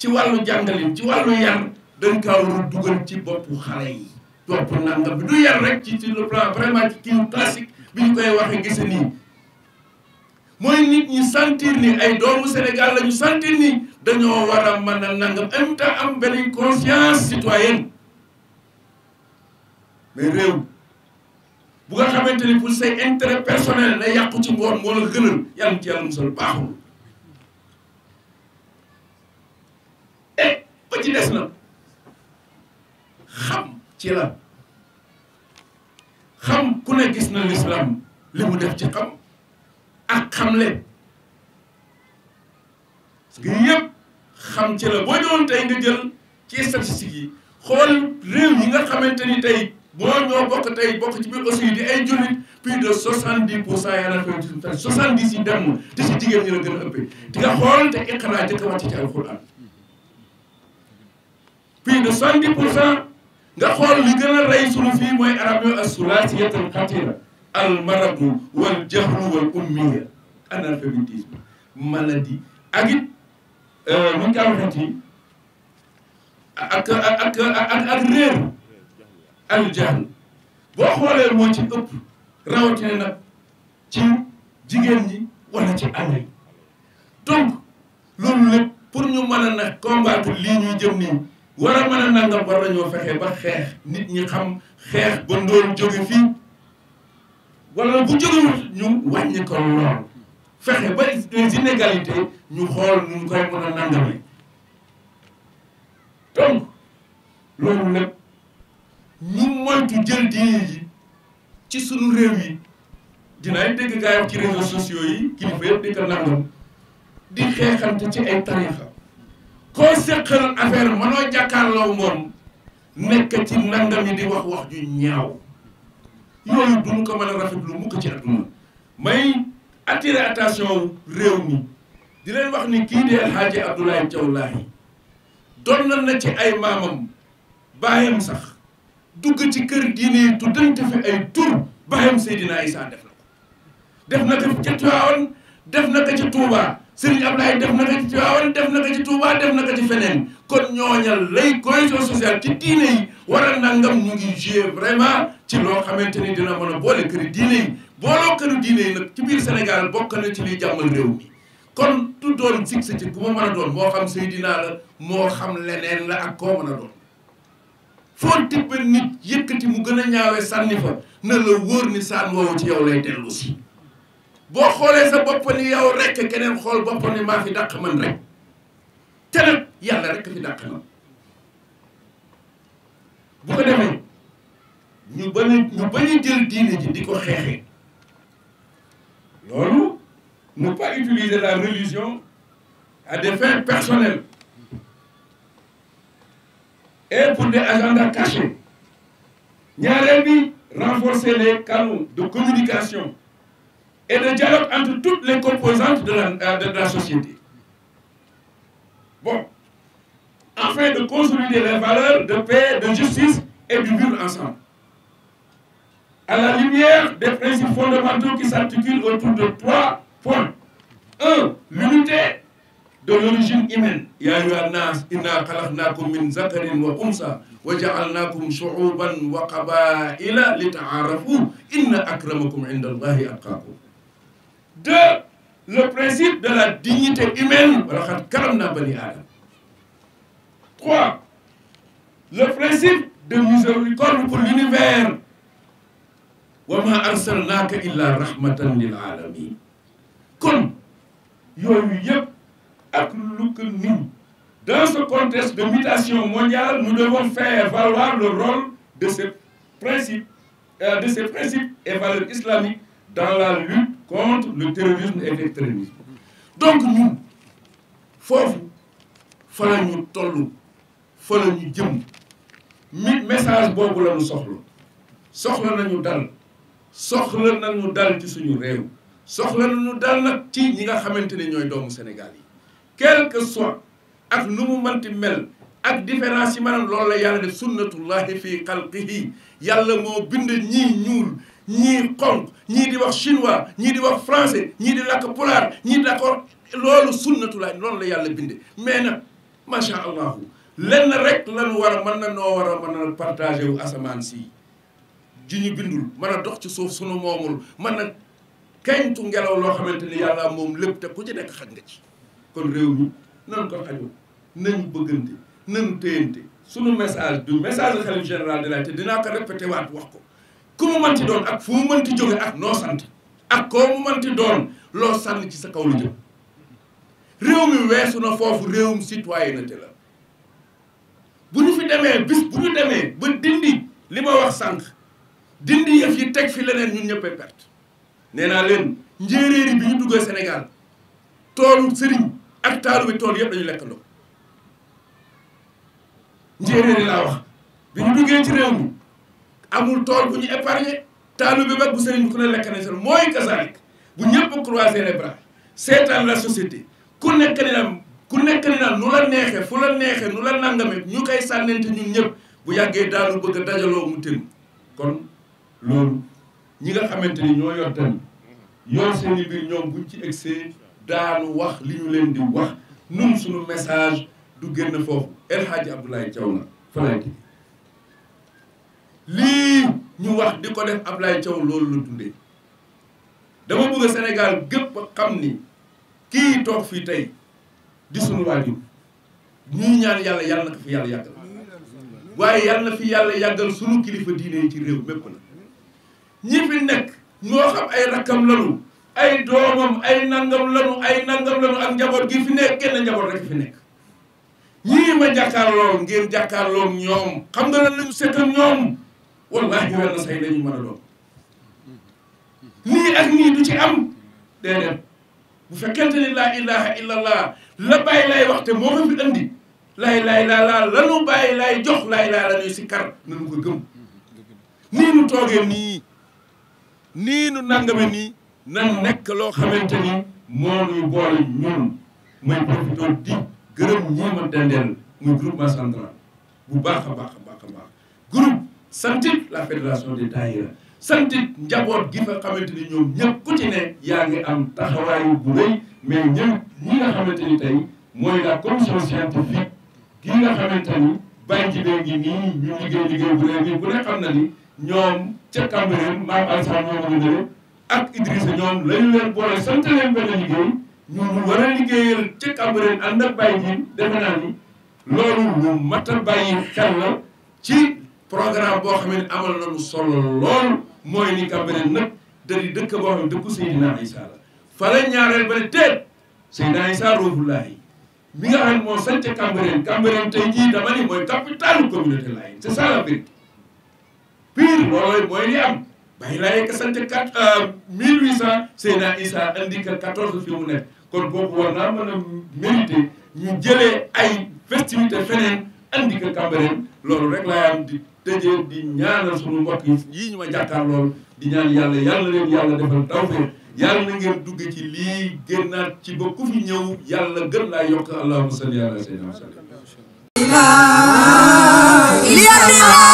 ci wàllu jàngalin ci wàllu yar dañ kaa war a ci boppu xale yi topp nanga bi du yar rek ci sur le plan vraiment ci kii classique bi ñu koy waxee gise nii mooy nit ñi sentir ni ay doomu Sénégal la ñu sentir dañoo war a a nangam en même temps am benn conscience citoyenne mais réew bu nga xamante ni pour say intérêt personnel na yàqu ci ngoon moo la gënal yàlla ci yàlla musal baaxul et ba ci des na xam ci la xam ku ne gis na l'islam li mu def ci xam ak xam xamle parce que yëpp xam ci la boo doon tey nga jël ci statistiques yi xool réew yi nga xamante ni tey mooy ñoo bokk tey bokk ci biir aussi di ay jullit plus de 70 pour cent yàlla koy ci tey 70 yi demul te si jigéen ñi gën a ëppee di nga xool te iqra jëkk wàcc ci alquran plus de 70 pour cent nga xool li gën a rey sunu fii mooy arab yo asulaasiyatul xatira al maradu wal jahlu wal ummiya analphabétisme maladie ak it lu euh, ñu ko waxati ak ak ak ak réer Aliou Diagne boo xoolee moo ci ëpp rawatina nag ci jigéen ñi wala ci àll yi loolu lépp pour ñu mën a nag combattre lii ñuy jëm nii war a mën a nangam war nañoo fexe ba xeex nit ñi xam xeex ba ndóol jóge fii wala bu jógewul ñu wàññi ko lool fexe ba les ñu xool ñu koy mën a nangamee donc loolu lépp. moytu jël diine ji ci sunu réew yi dinaay dégg gaa ci réseaux sociaux yi kilifa yëpp di ko nangam di xeexante ci ay tarixa koo seqal affaire mënoo jàkkaarloo moom nekk ci nangam yi di wax wax ju ñaaw yooyu duñu ko mën a rafetlu mukk ci adduna may attirer attention réew mi di leen wax ni kii di El Hadji Abdoulaye Thiaw Lahi doon na ci ay maamam baayam sax dugg ci kër diine yi tuddante fi ay tur baxam Seydina Issa def na ko def na ko ci Tiwaawan def na ko ci Touba Serigne Ablaye def na ko ci Tiwaawan def na ko ci Touba def na ko ci feneen kon ñooñal lay cohésion sociale ci diine yi war a nangam ñu ngi joué vraiment ci loo xamante ni dina mën a boole kër diine yi booloo këri diine yi nag ci biir Sénégal bokk na ci liy jàmmal réew mi kon tu doon sa ci bu ma mën a doon moo xam Seydina la moo xam leneen la ak koo mën a foo tibb nit yëkkati mu gën a ñaawee sànni fa na la wóor ni saan woowu ci yow lay dellu si boo xoolee sa bopp ni yow rekk keneen xool bopp ni maa fi dàq man rek te nag yàlla rekk fi dàq na bu ko demee ñu bañ ñu bañ a jël diine ji di ko xeexee loolu ne pas utiliser la religion a des fins personnelles et pour des agendas cachés ñaareel bi renforcer les canaux de communication et de dialogue entre toutes les composantes de la euh, de la société bon afin de consolider les valeurs de paix de justice et du ensemble à la lumière des principes fondamentaux qui s'articulent autour de trois points de l'origine humaine yaa ayyuhan naas inna xalaqnaakum min zakarin wa unsa wa ja'alnaakum shu'uban wa qabaila li ta'aarafu inna akramakum le principe de la dignité humaine wa laqad karamnaa bani trois le principe de miséricorde pour l'univers wa ma arsalnaaka illa rahmatan lil alamin à tout que nous. Dans ce contexte de mutation mondiale, nous devons faire valoir le rôle de ces principes, euh, de ces principes et islamiques dans la lutte contre le terrorisme et l'extrémisme. Donc nous, foofu fa la ñu toll fa la ñu jëm mi message boobu la ñu soxla soxla nañu dal soxla nañu dal ci suñu réew soxla nañu dal nag ci ñi nga xamante ne ñooy doomu Sénégal yi quel que soit ak lu mu mënti mel ak différence yi maanaam loolu la yàlla def sunnatullahi fi xalqihi yàlla moo bind ñii ñuul ñii xonq ñii di wax chinois ñii di wax français ñii di làkk pulaar ñii d'accord loolu sunnatullahi loolu la yàlla binde mais nag macha allahu lenn rek lan war a mën na noo war a mën a partagé asamaan si ji ñu bindul man a dox ci suuf sunu moomul mën a tu ngelaw loo xamante ni yàlla moom lépp te ku ci nekk xaj nga ci kon réew mi nan ko xajoo nañu bëggante nañu téyante sunu message du message xalif général de la te dinaa ko répété waat wax ko ku mu mënti doon ak fu mu mënti jóge ak noo sant ak koo mu mënti doon loo sànni ci sa kaw la jëm réew mi weesu na foofu réewum citoyenneté la bu ñu fi demee bis bu ñu demee ba dindi li ma wax sànq dindi yëf yi teg fi leneen ñun ñëppee perte nee naa leen njéeréeri bi ñu duggee Sénégal toolu sëriñ ak taalu bi tool yëpp dañu lekkandoo njéeréer yi laa wax bi ñu duggee ci réew mi amul tool bu ñu épargné taalu bi ba bu sëriñ bi ku ne lekk nañ mooy kasaalik bu ñëpp croiser les bras seetaan la société ku nekk ni naan ku nekk ni naan nu la neexee fu la neexee nu la nangame ñu koy sànnente ñun ñëpp bu yàggee daanu bëgg a dajaloo mu tënk kon loolu ñi nga xamante ni ñoo yor tamit yor seen i biir ñoom ci egsee daanu wax li ñu leen di wax nun suñu message du génn foofu El Hadji Abdoulaye Thiaw lii ñu wax di ko def Abdoulaye Thiaw loolu la dundee dama bëgg Sénégal gépp xam ni kii toog fii tey di suñu waajur ñuy ñaan yàlla yàlla na ko fi yàlla yàggal waaye yàlla na fi yàlla yàggal sunu kilifa diine yi ci réew mépp na ñi fi nekk ñoo xam ay rakkam lalu ay doomam ay nangam lanu ay nangam lanu ak njaboot gi fi nekk genn njaboot rek fi nekk ñii ma jàkkaarloo ngeen jàkkaarloo ñoom xam nga lan lañu seetal ñoom wallaahi wel na say dañu mën a doon nii ak nii du ci am dee dem bu fekkente ni laa ilaha illallah la bàyyi lay waxte moo ko fi andi lay lay laa laa lanu bàyyi lay jox lay laa la ñuy si kar nanu ko gëm nii nu toogee nii nii nu nangame nii na nekk loo xamante ni moo ñuy boole ñun may profité di gërëm ñii ma dendeel muy groupement central bu baax a baax a baax a groupe santit la fédération des daïra santit njaboot gi fa xamante ni ñoom ñëpp ku ci ne yaa ngi am taxawaayu bu rëy mais ñëw ñi nga xamante ni tey mooy la commission scientifique gi nga xamante ni bee ngi nii ñu liggéey liggéey bu rëy bi bu ne xam na ni ñoom ca Cambérène maam Alsaan ñoo ma gën ak a ñoom la leen boole sant leen benn liggéey ñu war a liggéeyal ca Cambérène ànd ak bàyyi ji defe naa ni loolu lu mat a bàyyi xel la ci programme boo xam ne amal na lu solo lool mooy ni Cambérène nag da dëkk boo xam ne dëkku Seydina Issa la fale ñaareel ba ne teet Seydina Issa Rouhoullahi mi nga xam ne moo sant Cambérène Cambérène tey jii dama ni mooy capitalu communauté layène c'est ça la vérité loolu mooy li am bàyyi laa yegg sant quatre euh, mille huit cent Seyna Issa indi que quatorze fi nekk kon boobu war naa mën a mérité ñu jëlee ay festivité feneen andi que Cambérène loolu rek laa am di tëjee di ñaanal suñu mbokk yi ñu ma jàkkaar lool di ñaan yàlla yàlla leen yàlla defal tawfeex yàlla na ngeen dugg ci lii génnaat ci ba ku fi ñëw yàlla gën laa yokk allahumma salli ala sayyidina Muhammad